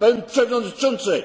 Pan przewodniczący!